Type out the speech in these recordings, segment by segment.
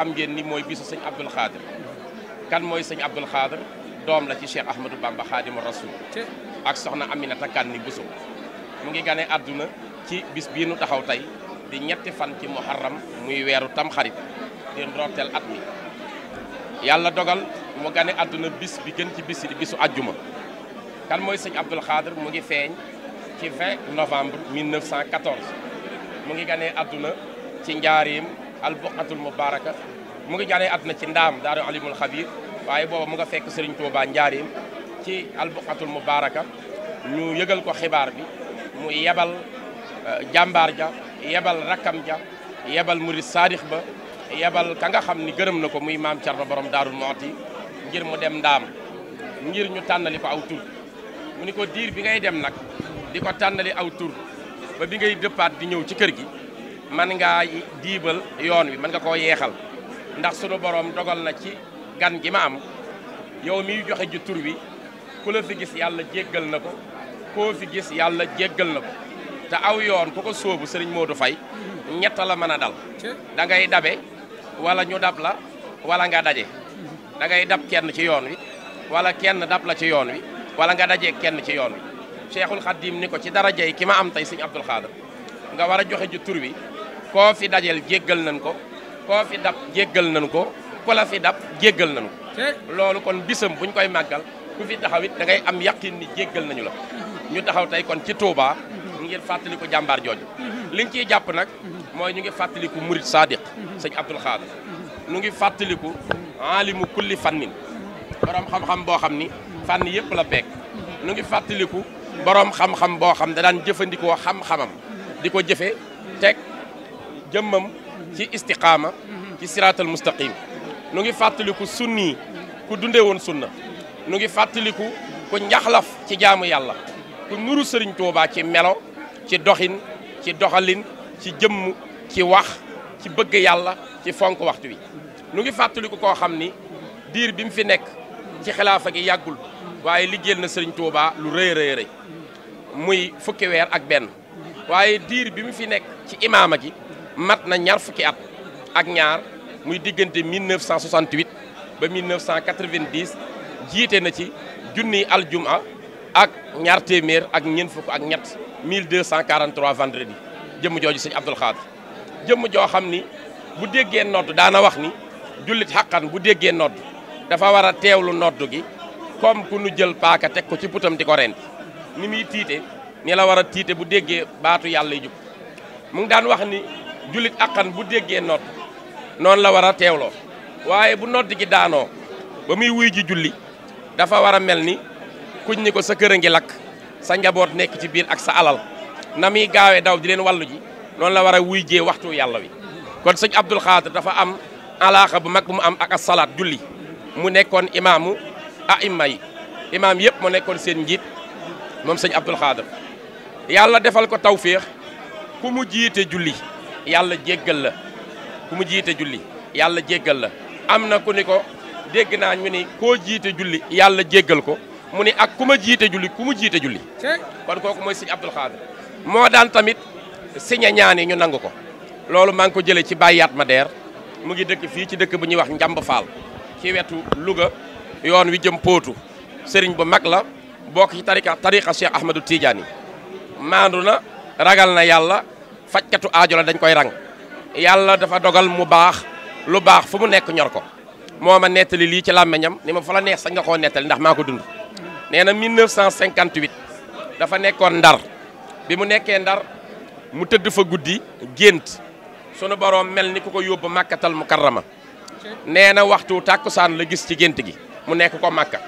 xam ngeen ni mooy bisu sëñ Abdul Xaadir kan mooy sëñ Abdul Xaadir doom la ci Cheikh Ahmadou Bamba Xaadimu Rasuul ak soxna Aminata Kanni Bousso mu ngi gane àdduna ci bis bii taxaw tey di ñetti fan ci muharram muy weeru tamxarit di ndorteel at mi yàlla dogal mu gane àdduna bis bi gën ci bis yi di bisu ajjuma kan mooy sëñ Abdul Xaadir mu ngi feeñ ci 20 novembre 1914 mu ngi gane àdduna ci njaareem al buqatul mubaraka mu ngi jaanee àdduna ci ndaam daaru alimul xabir waaye booba mu nga fekk Serigne Touba njaareem ci al buqatul mubaraka ñu yëgal ko xibaar bi mu yebal euh, jàmbaar ja yebal rakkam ja yebal murid saadix ba yebal ka nga xam ni gërëm na ko muy maam Thierno borom daarul mooti ngir mu dem ndaam njir ñu tànnali ko aw tur mu ni ko diir bi ngay dem nag di ko tànnali aw tur ba bi ngay dëppaat di ñëw ci kër gi mën ngaa diibal yoon wi mën nga koo yeexal ndax sunu borom dogal na ci gan gi ma am yow mi joxe ji tur wi ku la fi gis yàlla jéggal na ko koo fi gis yàlla jéggal na ko te aw yoon ku ko sóobu sëriñ Modou Faye ñett la mën a dal da ngay dabe wala ñu dab la wala nga daje da ngay dab kenn ci yoon wi wala kenn dab la ci yoon wi wala nga dajee kenn ci yoon wi cheikhul xaddim ni ko ci dara darajey ki ma am tey siñ Abdul Xaadir nga war a joxe ji tur wi koo fi dajel jéggal nañ ko koo fi dab jéggal nañ ko ku la fi dab jéggal nañ ko loolu kon bisam buñ koy màggal ku fi taxaw it da ngay am yaqin ni jéggal nañu la ñu taxaw tey kon ci Touba ngir fàttaliku jàmbaar jooju liñ ciy jàpp nag mooy ñu ngi fàttaliku murid sadiq sëñ Abdul Xaadir ñu ngi fàttaliku aalimu kulli fannin borom xam-xam boo xam ni fànn yëpp la beek ñu ngi fàttaliku borom xam-xam boo xam da daan jëfandikoo xam-xamam di ko jëfe teg jëmmam ci istiqaama ci siraatal mustaqim nu ngi fàttaliku sunni ku dunde woon sunna nu ngi fàttaliku ku njaxlaf ci jaamu yàlla ku nuru sëriñ Tuubaa ci melo ci doxin ci doxalin ci jëmm ci wax ci bëgg yàlla ci fonk waxtu wi nu ngi fàttaliku koo xam ni diir bi mu fi nekk ci xilaafa gi yàggul waaye liggéeyal na sëriñ Tuubaa lu rëy rëy rëy muy fukki ak benn waaye diir bi mu fi nekk ci imaama gi mat na ñaar fukki at ak ñaar muy diggante 1968 ba 1990 jiite na ci al juma ak ñaar téeméer ak ñeent fukk ak ñett 1243 vendredi jëmm jooju sëñ Abdul Xaadir jëmm joo xam ni bu déggee nodd daana wax ni jullit xaqan bu déggee nodd dafa war a teewlu nodd gi comme ku nu jël paaka teg ko ci putam di ko rend ni muy tiite ni la war a tiite bu déggee baatu yàlla jub mu daan wax ni jullit akkan bu déggee nodd noonu la war a teewloo waaye bu nodd gi daanoo ba muy wuy ji julli dafa war a mel ni kuñ ni ko sa kër a ngi lakk sa njaboot nekk ci biir ak sa alal na muy gaawee daw di leen wàllu ji la war a wuy waxtu yàlla wi kon sëñ Abdul Xaadir dafa am alaaxa bu mag bu mu am ak asalaat julli mu nekkoon imaamu aima yi imaam yëpp moo nekkoon seen njiit moom sëñ Abdul Xaadir yàlla defal ko tawféex ku mu jiite julli yàlla jéggal la ku mu jiite julli yàlla jéggal la am na ku ni ko dégg naa ñu ni koo jiite julli yàlla jéggal ko mu ni ak ku ma jiite julli ku mu jiite julli kon kooku mooy sëñ Abdul Xaadir moo daan tamit siña yi ñu nangu ko loolu maa ngi ko jëlee ci bàyyaat ma deer mu ngi dëkk fii ci dëkk bu ñuy wax njamb faal ci wetu Louga yoon wi jëm pootu sëriñ bu mag la bokk ci tariqa tariqa Cheikh Ahmadou Tidiane yi maandu na ragal na yàlla fajkatu aajo la dañ koy rang yàlla dafa dogal mu baax lu baax fu mu nekk ñor ko moo ma nettali lii ci làmmeñam ni ma fa la neex sax nga koo nettali ndax maa ko dund nee na 1958 dafa nekkoon ndar bi mu nekkee ndar mu tëdd fa guddi gént sunu boroom mel ni ku ko yóbba màkkatal mu karrama nee na waxtu tàkkusaan la gis ci gént gi mu nekk ko màkka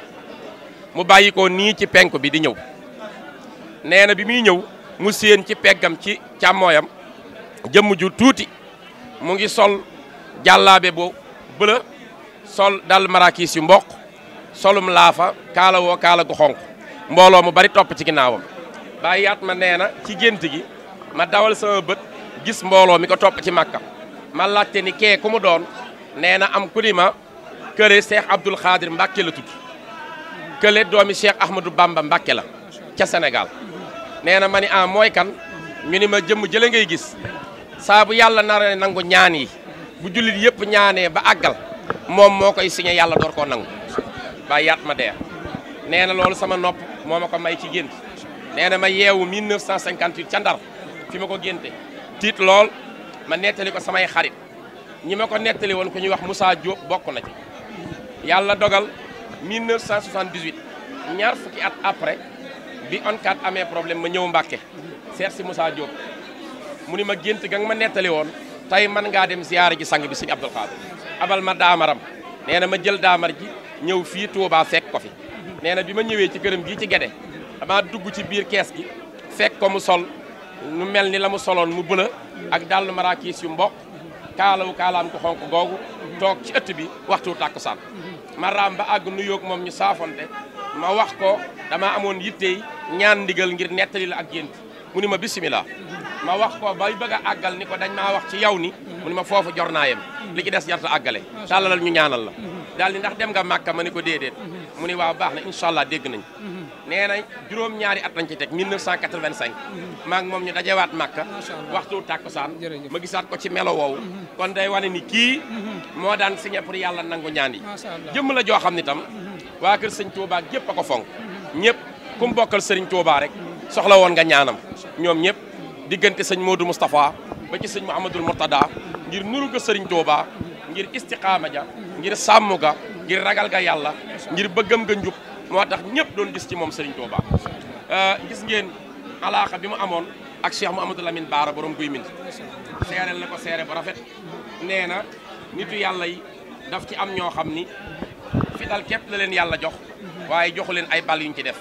mu bàyyi ko nii ci penk bi di ñëw nee bi muy ñëw mu séen ci peggam ci càmmooyam jëmm ju tuuti mu ngi sol jàllaabe bu bëla sol dal marakis yu mboq solum laafa kaala woo kaala gu xonq mbooloo mu bari topp ci ginnaawam bàyyi yaat ma nee na ci gént gi ma dawal sama bët gis mbooloo mi ko topp ci màkka ma laajte ni kee ku mu doon nee na am ku ni ma kële Cheikh Abdoul Khadir Mbacke la tudd kële doomi Cheikh Ahmadou Bamba Mbacke ca Sénégal nee na ma ni ah mooy kan ñu ni ma jëmm jële ngay gis saabu yàlla nar a nangu ñaani bu jullit yëpp ñaanee ba àggal moom moo koy signé yàlla door koo nangu bàyyi yaat ma dee nee na loolu sama nopp moo ma ko may ci gént nee na ma yeewu 1958 ca Ndar fi ma ko génte tiit lool ma nettali ko samay xarit ñi ma ko nettali woon ku ñuy wax Moussa Diop bokk na ci yàlla dogal 1978 ñaar fukki at après bi ONCAD amee problème ma ñëw Mbàkke seet si Moussa Diop mu ni ma gént ga nga ma nettali woon tey man ngaa dem ziyaara ji sang bi si Abdul Xaadir abal ma daamaram nee na ma jël daamar ji ñëw fii Touba fekk ko fi nee na bi ma ñëwee ci këram gii ci gede dama dugg ci biir kees gi fekk ko mu sol nu mel ni la mu soloon mu bëla ak dàllu maraakiis yu mbokk kaalawu kaalaam ko xonk googu toog ci ëtt bi waxtu tàkkusaan ma raam ba àgg nuyoog moom ñu saafonte ma wax ko dama amoon yitte ñaan ndigal ngir nettali la ak gént mu ni ma bisimilah ma wax ko bay bëgg a àggal ni ko dañ maa wax ci yow ni mu ni ma foofu jor naa yem li ci des jarta àggale tàllalal ñu ñaanal la daal di ndax dem nga màkka ma ni ko déedéet mu ni waaw baax na incha allah dégg nañ nee na juróom ñaari at lañ ci teg 1985 maa ngi moom ñu dajewaat màkka waxtu tàkkusaan ma gisaat ko ci melo woowu kon day wane ni kii moo daan signé pour yàlla nangu ñaan yi jëmm la joo xam ne tam waa kër sëñ Tuubaa gépp a ko fonk ñëpp ku bokkal sëriñ Touba rek soxla woon nga ñaanam ñoom ñëpp diggante sëñ Modou Moustapha ba ci sëñ Mouhamadul Mourtada ngir nuru ga sëriñ Touba ngir istiqaama ja ngir sàmm ga ngir ragal ga yàlla ngir bëggam ga njub moo tax ñëpp doon gis ci moom sëriñ Touba. Euh, gis ngeen alaaxa bi mu amoon ak Cheikh Mouhamadou Lamine Baara borom guy min seereel na ko seere bu rafet nee na nitu yàlla yi daf ci am ñoo xam ni fi dal képp la leen yàlla jox waaye joxu leen ay bal yuñ ci def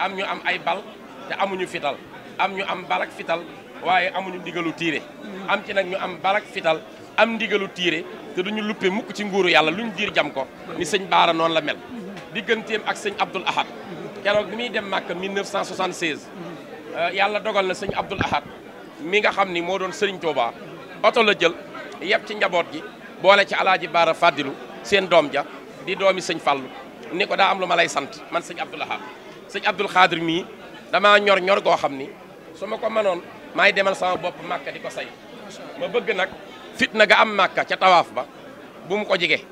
am ñu am ay bal te amuñu fital am ñu am balak fital waaye amuñu ndigalu tiire am ci nag ñu am balak fital am ndigalu tiire te duñu luppe mukk ci nguuru yàlla luñ diir jam ko ni sëñ Baara noonu la mel digganteem ak sëñ Abdoul Ahad keroog bi muy dem Màkka 1976 euh, yàlla dogal na sëñ Abdoul Ahad mii nga xam ni moo doon sëriñ Touba oto la jël yeb ci njaboot gi boole ci alaaji Baara Fadilu seen doom ja di doomi sëñ Fàllu ni ko daa am lu ma lay sant man sëñ Abdoul sëñ Abdul Xaadir mii damaa ñor ñor goo xam ni su ma ko mënoon maay demal sama bopp màkka di ko say ma bëgg nag fitna ga am màkka ca tawaaf ba bu mu ko jige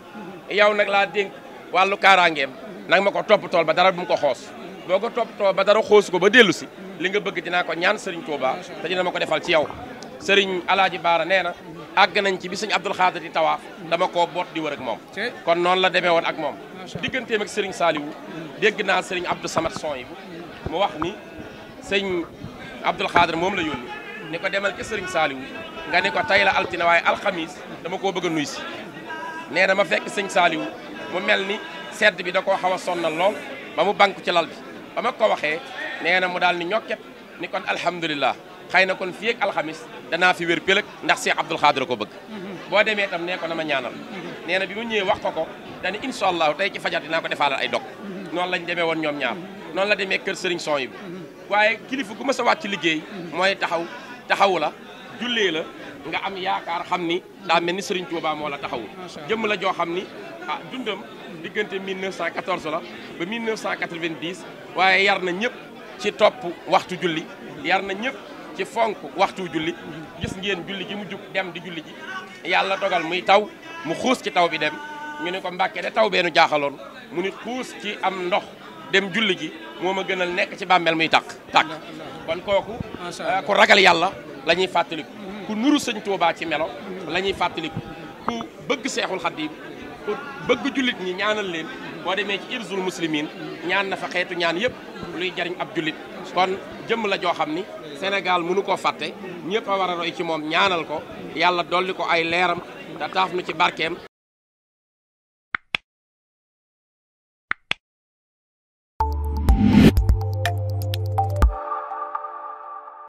yow nag laa dénk wàllu kaaraangeem nag ma ko topp tool ba dara bu ko xoos boo ko topp tool ba dara xoosu ko ba dellu si li nga bëgg dinaa ko ñaan Serigne Touba te dina ma ko defal ci yow sëriñ Alaaji Baara nee na àgg nañ ci bi sëñ Abdul Xaadir di tawaaf dama ko boot di wër ak moom kon noonu la demee woon ak moom su digganteem ak Serigne Saliou dégg naa Serigne Abdou Samad son yi mu wax ni sëñ Abdoul moom la yónni ni ko demal ci Serigne Saliou nga ne ko tay la altine waaye alxamis dama koo bëgg a nuy si nee na ma fekk sëñ Saliou mu mel ni sedd bi da koo xaw a sonnal lool ba mu banku ci lal bi ba ma ko waxee nee na mu daal ni ñokket ni kon alhamdulilah xëy na kon fii ak alxamis danaa fi wér pëlëg ndax Cheikh Abdoul Khadre ko bëgg boo demee itam nee ko na ma ñaanal nee bi mu ñëwee wax ko ko dani incha allahu tey ci fajar dinaa ko defaalal ay dog noonu lañ demee woon ñoom ñaar noonu la demee kër sëriñ son yi waaye kilifa gu ma sa wàcc ci liggéey mooy taxaw taxawu la jullee la nga am yaakaar xam ni daa mel ni sëriñ Tuubaa moo la taxawu jëmm la joo xam ni ah dundam diggante 1914 la ba 1990 waaye yar na ñëpp ci topp waxtu julli yar na ñëpp ci fonk waxtu julli gis ngeen julli gi mu jub dem di julli yàlla dogal muy taw mu xuus ci taw bi dem ñu ne ko mbàkke de taw beenu jaaxaloon mu ni xuus ci am ndox dem julli ji moo ma gënal nekk ci bàmmeel muy tàkk tàkk kon kooku euh, ku ragal yàlla la ñuy fàttaliku ku nuru sëñ Tuubaa ci melo la ñuy fàttaliku ku bëgg seexul xadiim ku bëgg jullit ñi ñaanal leen boo demee ci irzul muslimin ñaan na fa xeetu ñaan yëpp luy jariñ ab jullit kon jëmm la joo xam ni Sénégal mënu koo fàtte ñëpp a war a roy ci moom ñaanal ko yàlla dolli ko ay leeram te nu ci barkeem